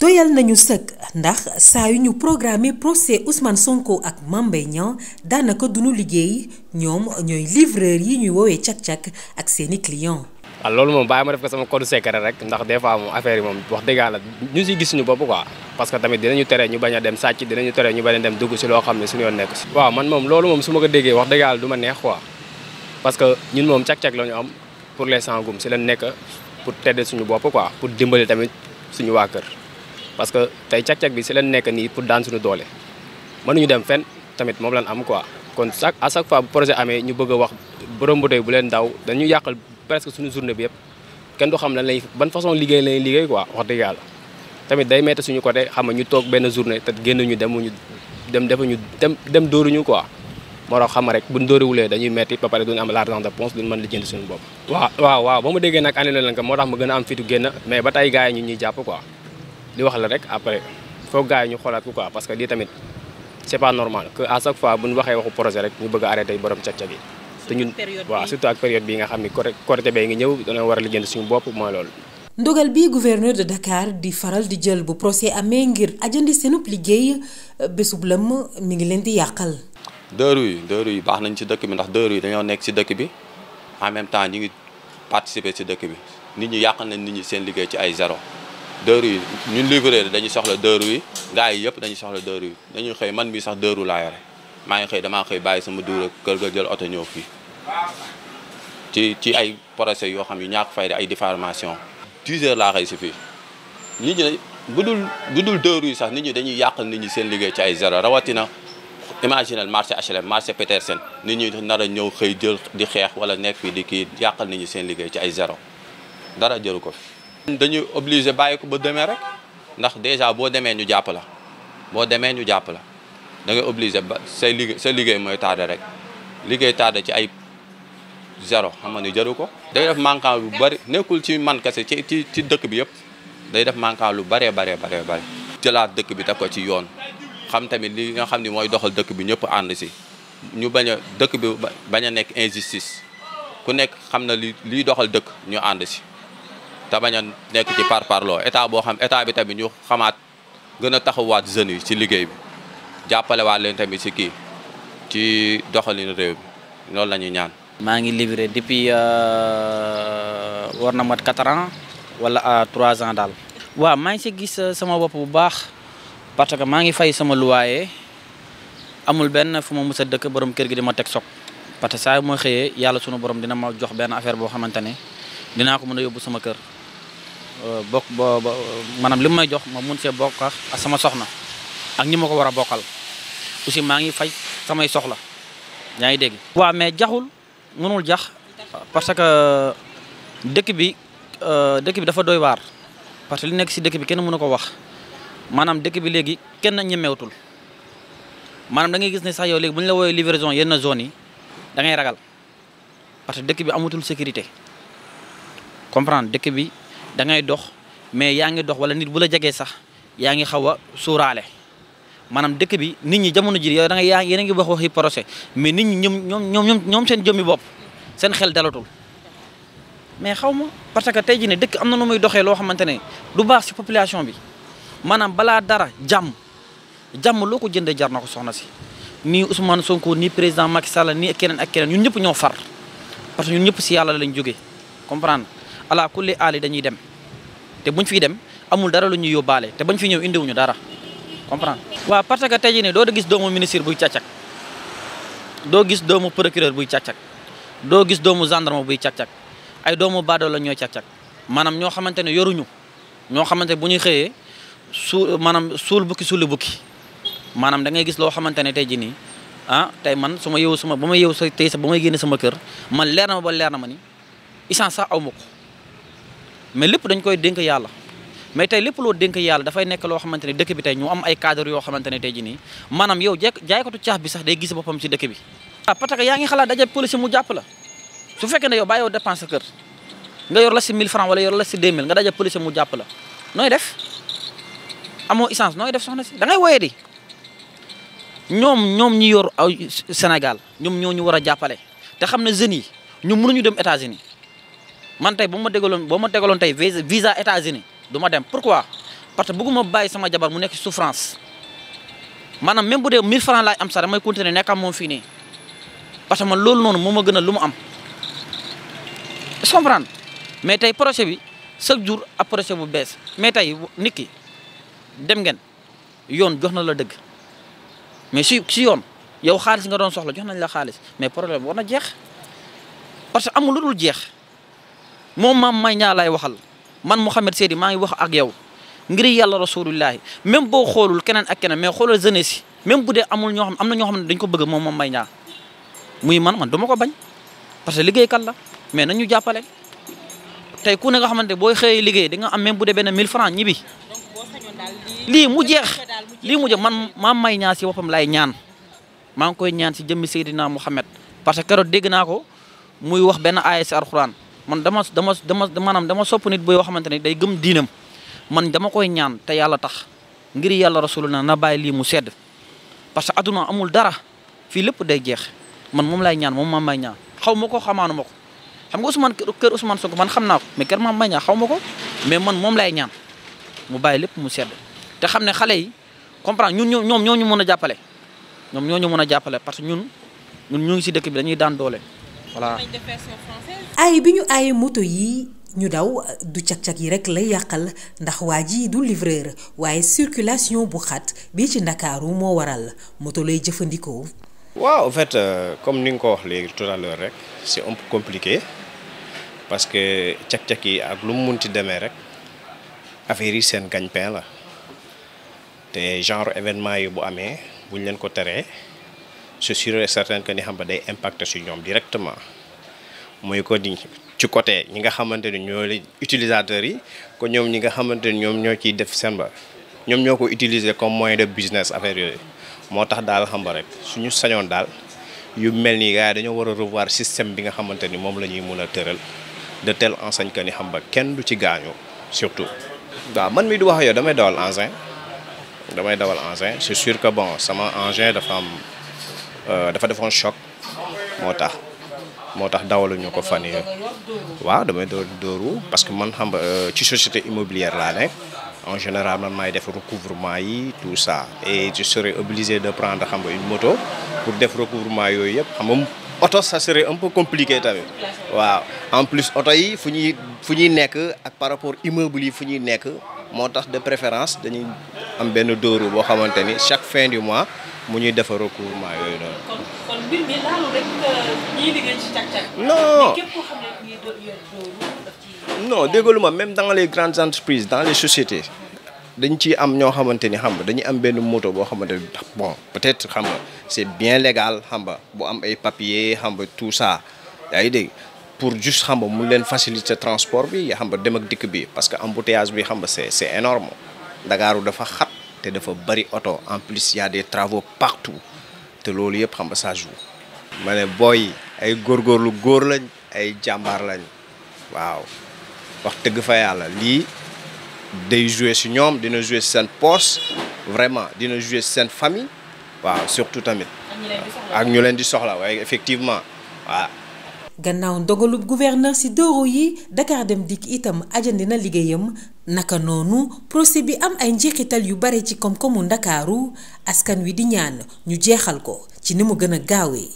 doyal nañu sëkk ndax saa yu ñu programmé procès Ousmane Sonko ak Mame Mbaye Niang daanaka duñu liggéey ñoom ñooy livreur yi ñuy woowee cak-cak ak seeni client waaw ah, loolu moom bàyyi ma def ko sama code secret rek ndax des fois moom affaire yi moom wax dëgg ñu si gis suñu bopp quoi parce que tamit dinañu tere ñu bañ a dem sàcc dinañu tere ñu bañ dem dugg si loo xam ne suñu yoon nekk si waaw man moom loolu moom su ma ko déggee wax dëgg yàlla du neex quoi parce que ñun moom caque cag la ñu am pour les sangum si lañ nekk pour tedd suñu bopp quoi pour dimbali tamit suñu waa kër parce que tey cag-cag bi si lañ nekk nii pour daan suñu doole mënuñu dem fen tamit moom lañ am quoi kon chaque à chaque fois bu projet amee ñu bëgg a wax borom bouteille bu leen daw dañu yàqal presque suñu journée bi yëpp kenn du xam lan lay ban façon liggéey lañuy liggéey quoi wax dëgg tamit day metti suñu côté xam nga ñu toog benn journée te génn ñu demuñu dem defuñu dem dem dóoruñu quoi moo tax xam rek buñ dóoriwulee dañuy metti ba pare duñ am l'argent de ponce duñ mën li jënd suñu bopp waaw waaw waaw ba ma a ñu xoolaat ko quoi que lii tamit c'est pas normal que à waxee waxu projet rek ñu bëgg a arrêté borom bi nga xam ni Korité bay ngi ñëw dañoo war a lijjanti suñu bopp mooy loolu ndogal bi gouverneur de Dakar di faral di jël bu procès amee ngir ajandi seenub liggéey bésub lëmm mi ngi leen di yàqal deux rues yi yi baax nañ ci dëkk bi ndax deux yi dañoo nekk si dëkk bi en même temps ñu ngi participer ci dëkk bi nit ñi yàq nañ nit ñi seen liggéey ci ay zéro deux rues yi ñun livreur dañuy soxla deux rues yi gars yi yëpp dañuy soxla deux yi dañuy xëy man mii sax deux rues laa maa ngi xëy damaa xëy bàyyi sama duur kër ga jël oto ñëw fii ci ci ay procès yoo xam yu ñàkk fayda ay diffamation dix heures laa xëy si fii nit ñi bu dul bu dul deux rues yi sax nit ñi dañuy yàq nit ñi seen liggéey ci ay zéro rawatina imaginez marché HLM marché Petersen ni ñuy nar a ñëw xëy jël di xeex wala nekk fii di kii yàqal nit ñi seen liggéey ci ay zéro dara jëru ko dañuy obligé bàyyi ko ba demee rek ndax déjà boo demee ñu jàpp la boo demee ñu jàpp la da obligé ba say liggéey sa liggéey mooy tardé rek liggéey taade ci ay zéro xam nga ni jëru ko. day def manquant lu bari nekkul ci man kese ci ci ci dëkk bi yëpp day def manquant lu baree baree baree bari jëlaat dëkk bi def ko ci yoon. xam tamit li nga doxal dëkk ñu bañ a dëkk bi bañ a nekk injustice ku nekk xam na li liy doxal dëkk ñu ànd si te bañ a nekk ci par parloo état boo xam état bi tamit ñu xamaat gën a taxawaat jeunes yi ci liggéey bi jàppalewaat leen tamit si kii ci doxalin réew bi loolu la ñuy ñaan. maa ngi livré depuis euh, war na mat quatre ans wala euh, trois ans daal. waaw maa ngi si gis euh, sama bopp bu baax. parce que maa ngi fay sama luwaaye amul benn fu ma mës dëkk borom kër gi dama teg soog parce que saa yu ma xëyee yàlla sunu borom dina ma jox benn affaire boo xamante ne dinaa ko mën a yóbbu sama kër euh, bokk ba maanaam li may jox ma mun see bokk sama soxna ak ñi ma ko war a bokkal aussi maa ngi fay samay soxla yaa ngi dégg. waaw mais jaxul mënul jax parce que dëkk bi euh, dëkk bi dafa doy waar parce que li nekk si dëkk bi kenn mënu ko wax. maanaam dëkk bi léegi kenn ñemewutul maanaam dangay gis ne sax yow léegi bu ñu la woowee livraison yenn zone yi da ragal parce que dëkk bi amatul sécurité comprendre dëkk bi da ngay dox mais yaa ngi dox wala nit bu la jegee sax yaa ngi xaw a suuraale maanaam dëkk bi nit ñi jamono ji yow da ngay yaa yéen a ngi wax waxi procès mais nit ñi ñoom ñoom ñoom ñoom seen jëmmi bopp seen xel dalatul mais xaw ma parce que tey jii ne dëkk am na nu muy doxee loo xamante ne du baax ci population bi. maanaam balaa dara jàmm jàmm loo ko jëndee jar na ko soxna si nii Ousmane Sonko nii président Macky Sall nii keneen ak keneen ñun ñëpp ñoo far parce que ñun ñëpp si yàlla lañ jóge comprendre ala kulli aali dañuy dem te buñ fiy dem amul dara lu ñuy yóbbaale te bañ fi ñëw indiwuñu dara comprendre waaw parce que tey jii ne doo gis doomu ministre buy càccak doo gis doomu procureur buy càccak doo gis doomu gendarme buy càccak ay doomu baadoo la ñooy càccak maanaam ñoo xamante ne yoruñu ñoo xamante bu ñuy xëyee su maanaam suul bukki suul bukki maanaam da ngay gis loo xamante ne tey ji nii ah tey man su ma yeewu sama ba ma yeewu sa tey sa ba may génne sama kër man leer na leer na ma ni essence sax aw ma ko lépp dañ koy dénk yàlla mais tey lépp loo dénk yàlla dafay nekk loo xamante ne dëkk bi tey ñu am ay cadre yoo xamante ne tey jii nii maanaam yow jaay jaaykatu caaf bi sax day gis boppam si dëkk bi ah parce yaa ngi xalaat daje police mu jàpp la su fekkee ne yow bàyyoo dépense kër nga yor la si 1000 francs wala yor la si mil nga daje police mu jàpp la nooy def amoo essence nooy def soxna si da ngay woyee di ñoom ñoom ñi yor ay Sénégal ñoom ñoo ñu war a jàppale te xam ne jeunes yi ñu mënuñu dem États-Unis man tey bu ma dégaloon boo ma dégaloon tey visa États-Unis du ma dem pourquoi parce que bëgguma bàyyi sama jabar mu nekk souffrance maanaam même bu dee 1000 francs laay am sax damay continuer nekk am moom fii nii parce que man loolu noonu moom a gën a lu mu am comprendre mais tey projet bi chaque jour ab projet bu bees mais tey nit ki dem ngeen yoon jox na la dëgg mais si si yoon yow xaalis nga doon soxla jox nañ la xaalis mais problème war na jeex parce que amul lu dul jeex moom maam may ñaa lay waxal man Mouhamed Seydi maa ngi wax ak yow ngir yàlla rasulullahi même boo xoolul keneen ak keneen mais xoolal jeunesse même bu dee amul ñoo xam am na ñoo xam ne dañ ko bëgg moom moom may ñaa muy man man dama ko bañ parce que liggéeykat la mais ñu jàppale tey ku ne nga xamante booy xëyee liggéey di nga am bu dee benn 1000 francs ñibi lii mu jeex lii mu jeex man maam may ñaan si boppam lay ñaan maa ngi koy ñaan si jëmm jëmmi naa Mouhamed parce que keroog dégg naa ko muy wax benn aaya si alxuraan man dama dama dama maanaam dama sopp nit boo xamante ne day gëm diinam man dama koy ñaan te yàlla tax ngir yàlla rasuluna na bàyyi lii mu sedd parce que aduna amul dara fii lépp day jeex man moom lay ñaan moom maam may ñaan xaw ma ko xamaanu ma ko xam nga Ousmane kër Ousmane Sonko man xam naa ko mais kër maam may xaw ma ko mais man moom lay ñaan mu bàyyi lépp mu sedd te xam ne xale yi comprendre ñun ñoom ñoo ñu mën a jàppale ñoom ñoo ñu mën a jàppale parce que ñun ñun ñu ngi si dëkk bi dañuy daan doole voilà. ay bi ñu ay moto yi ñu daw du cag-cag yi rek lay yàqal ndax waa ji du livreur waaye circulation bu xat bii ci ndakaaru moo waral moto lay jëfandikoo. waaw en fait euh, comme ni nga ko wax léegi tout rek c'est un peu compliqué parce que cag-cag yi ak lu mu munti demee rek. affaire yi seen gagne-pain la te genre événement yi bu amee buñ leen ko teree c'est sûr et certain ni xam ba day impacter su ñoom directement mooy ko di ci côté ñi nga xamante ni ñoo utilisateurs yi ko ñoom ñi nga xamante ni ñoom ñoo ciy def sen ba ñoom ñoo ko utiliser comme moyen de business affaire yooyu moo tax daal xam ba rek suñu sañoon daal yu mel nii gars dañoo war a revoir système bi nga xamante ni moom la ñuy mun a tëral de telle enseigne que ni xam ba kenn du ci gaañu surtout waaw man mi du wax yow damay dawal engin damay dawal engin c'est sûr que bon sama engin dafa am euh, dafa defoon choc moo tax moo tax dawaluñu ko fan yii waaw damay door dóoru parce que man xam euh, ci société immobilière laa nekk en général man maay def recouvrement yi tout ça et je serais obligé de prendre xam nga une moto pour def recouvrement yooyu yëpp xam oto ça serait un peu compliqué tamit waaw en plus oto yi fu ñuy fu ñuy nekk ak par rapport immeuble yi fu ñuy nekk moo tax de préférence dañuy am benn dóoru boo xamante ni chaque fin du mois mu ñuy defar recouvrement yooyu noonu. kon kon mbir mi laalu rek euh, ñiy liggéey ci càq-càq. ci. même dans les grandes dans les sociétés dañ ciy am ñoo xamante ni xam nga dañuy am benn moto boo xamante ni bon peut-être xam nga. c'est bien légal xam nga bu am ay papier xam nga tout ça yaa ngi dégg pour juste xam nga mu leen faciliter transport bi xam nga dem ak dikk bi parce que embouteillage bi xam nga c'est c'est énorme Ndakaaru dafa xat te dafa bari oto en plus y a des travaux partout te loolu yëpp xam nga ça ma ne booy ay góorgóorlu góor lañ ay jàmbaar lañ waaw wax dëgg fa yàlla lii day jouer si ñoom dina jouer seen poche vraiment dina jouer seen famille waaw surtout tamit. ak ñu leen di soxla waaye effectivement waaw. gannaaw ndogalub gouverneur ci doro yi Dakar Dem Dikk itam ajandi na liggéeyam naka noonu procès bi am ay njeexital yu bare ci koom-koomu ndakaaru askan wi di ñaan ñu jeexal ko ci ni mu gën a gaawee.